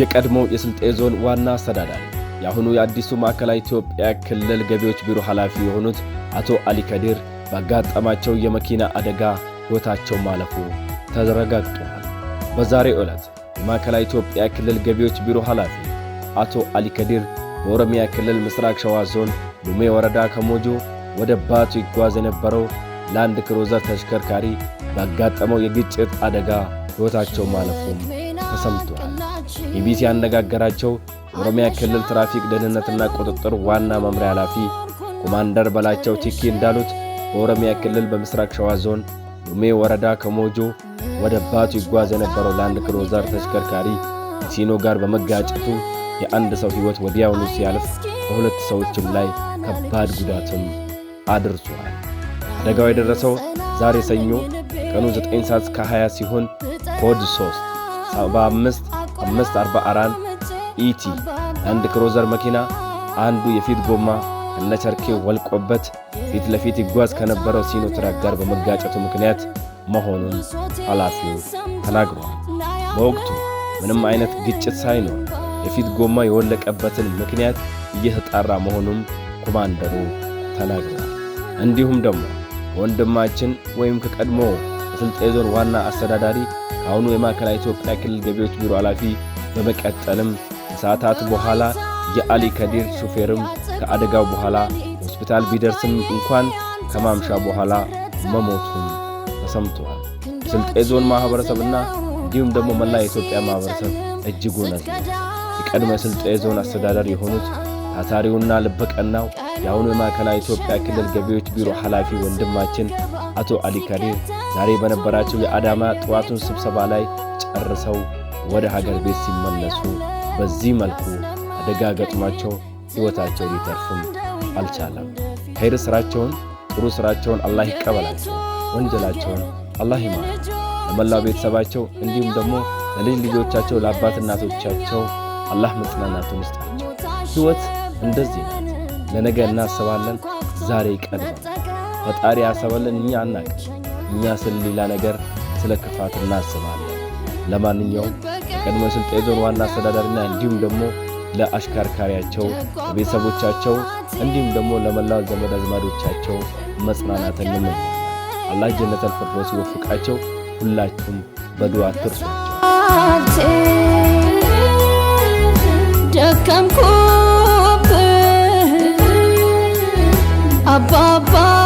የቀድሞ የስልጤ ዞን ዋና አስተዳዳሪ የአሁኑ የአዲሱ ማዕከላዊ ኢትዮጵያ ክልል ገቢዎች ቢሮ ኃላፊ የሆኑት አቶ አሊ ከዲር ባጋጠማቸው የመኪና አደጋ ሕይወታቸው ማለፉ ተረጋግጧል። በዛሬ ዕለት የማዕከላዊ ኢትዮጵያ ክልል ገቢዎች ቢሮ ኃላፊ አቶ አሊ ከዲር በኦሮሚያ ክልል ምስራቅ ሸዋ ዞን ሉሜ ወረዳ ከሞጆ ወደ ባቱ ይጓዝ የነበረው ላንድ ክሩዘር ተሽከርካሪ ባጋጠመው የግጭት አደጋ ሕይወታቸው ማለፉም ተሰምቷል። ቢቢሲ ያነጋገራቸው የኦሮሚያ ክልል ትራፊክ ደህንነትና ቁጥጥር ዋና መምሪያ ኃላፊ ኮማንደር በላቸው ቲኪ እንዳሉት በኦሮሚያ ክልል በምስራቅ ሸዋ ዞን ሉሜ ወረዳ ከሞጆ ወደ ባቱ ይጓዝ የነበረው ላንድ ክሩዘር ተሽከርካሪ ሲኖ ጋር በመጋጨቱ የአንድ ሰው ሕይወት ወዲያውኑ ሲያልፍ በሁለት ሰዎችም ላይ ከባድ ጉዳትም አድርሷል። አደጋው የደረሰው ዛሬ ሰኞ ቀኑ 9 ሰዓት ከ20 ሲሆን ኮድ 3 75 544 ኢቲ e አንድ ክሮዘር መኪና አንዱ የፊት ጎማ እነቸርኬው ወልቆበት ፊት ለፊት ይጓዝ ከነበረው ሲኖትራክ ጋር በመጋጨቱ ምክንያት መሆኑን ኃላፊው ተናግሯል። በወቅቱ ምንም አይነት ግጭት ሳይኖር የፊት ጎማ የወለቀበትን ምክንያት እየተጣራ መሆኑም ኮማንደሩ ተናግሯል። እንዲሁም ደግሞ ወንድማችን ወይም ከቀድሞ የስልጤ ዞን ዋና አስተዳዳሪ ከአሁኑ የማዕከላዊ ኢትዮጵያ ክልል ገቢዎች ቢሮ ኃላፊ በመቀጠልም ከሰዓታት በኋላ የአሊ ከዲር ሹፌርም ከአደጋው በኋላ ሆስፒታል ቢደርስም እንኳን ከማምሻ በኋላ መሞቱን ተሰምተዋል ስልጤ ዞን ማኅበረሰብና እንዲሁም ደግሞ መላ የኢትዮጵያ ማኅበረሰብ እጅጉ ነት ነው። የቀድሞ የስልጤ ዞን አስተዳደር የሆኑት ታታሪውና ልበቀናው የአሁኑ የማዕከላዊ ኢትዮጵያ ክልል ገቢዎች ቢሮ ኃላፊ ወንድማችን አቶ አሊ ከዲር ዛሬ በነበራቸው የአዳማ ጠዋቱን ስብሰባ ላይ ጨርሰው ወደ ሀገር ቤት ሲመለሱ በዚህ መልኩ አደጋ ገጥሟቸው ሕይወታቸው ሊተርፍም አልቻለም። ኸይር ሥራቸውን ጥሩ ሥራቸውን አላህ ይቀበላቸው፣ ወንጀላቸውን አላህ ይማራቸው። ለመላው ቤተሰባቸው እንዲሁም ደግሞ ለልጅ ልጆቻቸው ለአባት እናቶቻቸው አላህ መጽናናቱን ይስጣቸው። ሕይወት እንደዚህ ናት። ለነገ እናስባለን፣ ዛሬ ይቀድማል። ፈጣሪ ያሰበልን እኛ አናቅ። እኛ ስለ ሌላ ነገር ስለ ክፋት እናስባለን። ለማንኛውም የቀድሞ ስልጤ ዞን ዋና አስተዳደርና እንዲሁም ደግሞ ለአሽከርካሪያቸው ቤተሰቦቻቸው፣ እንዲሁም ደግሞ ለመላው ዘመድ አዝማዶቻቸው መጽናናት እንመኝ። አላህ ጀነተል ፊርደውስ ይወፍቃቸው። ሁላችሁም በዱዓ አትርሷቸው። ደከምኩብህ አባባ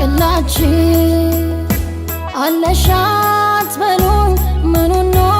ቅላች አለሻት በሉ ነው